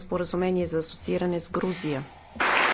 споразумение за асоцииране с Грузия.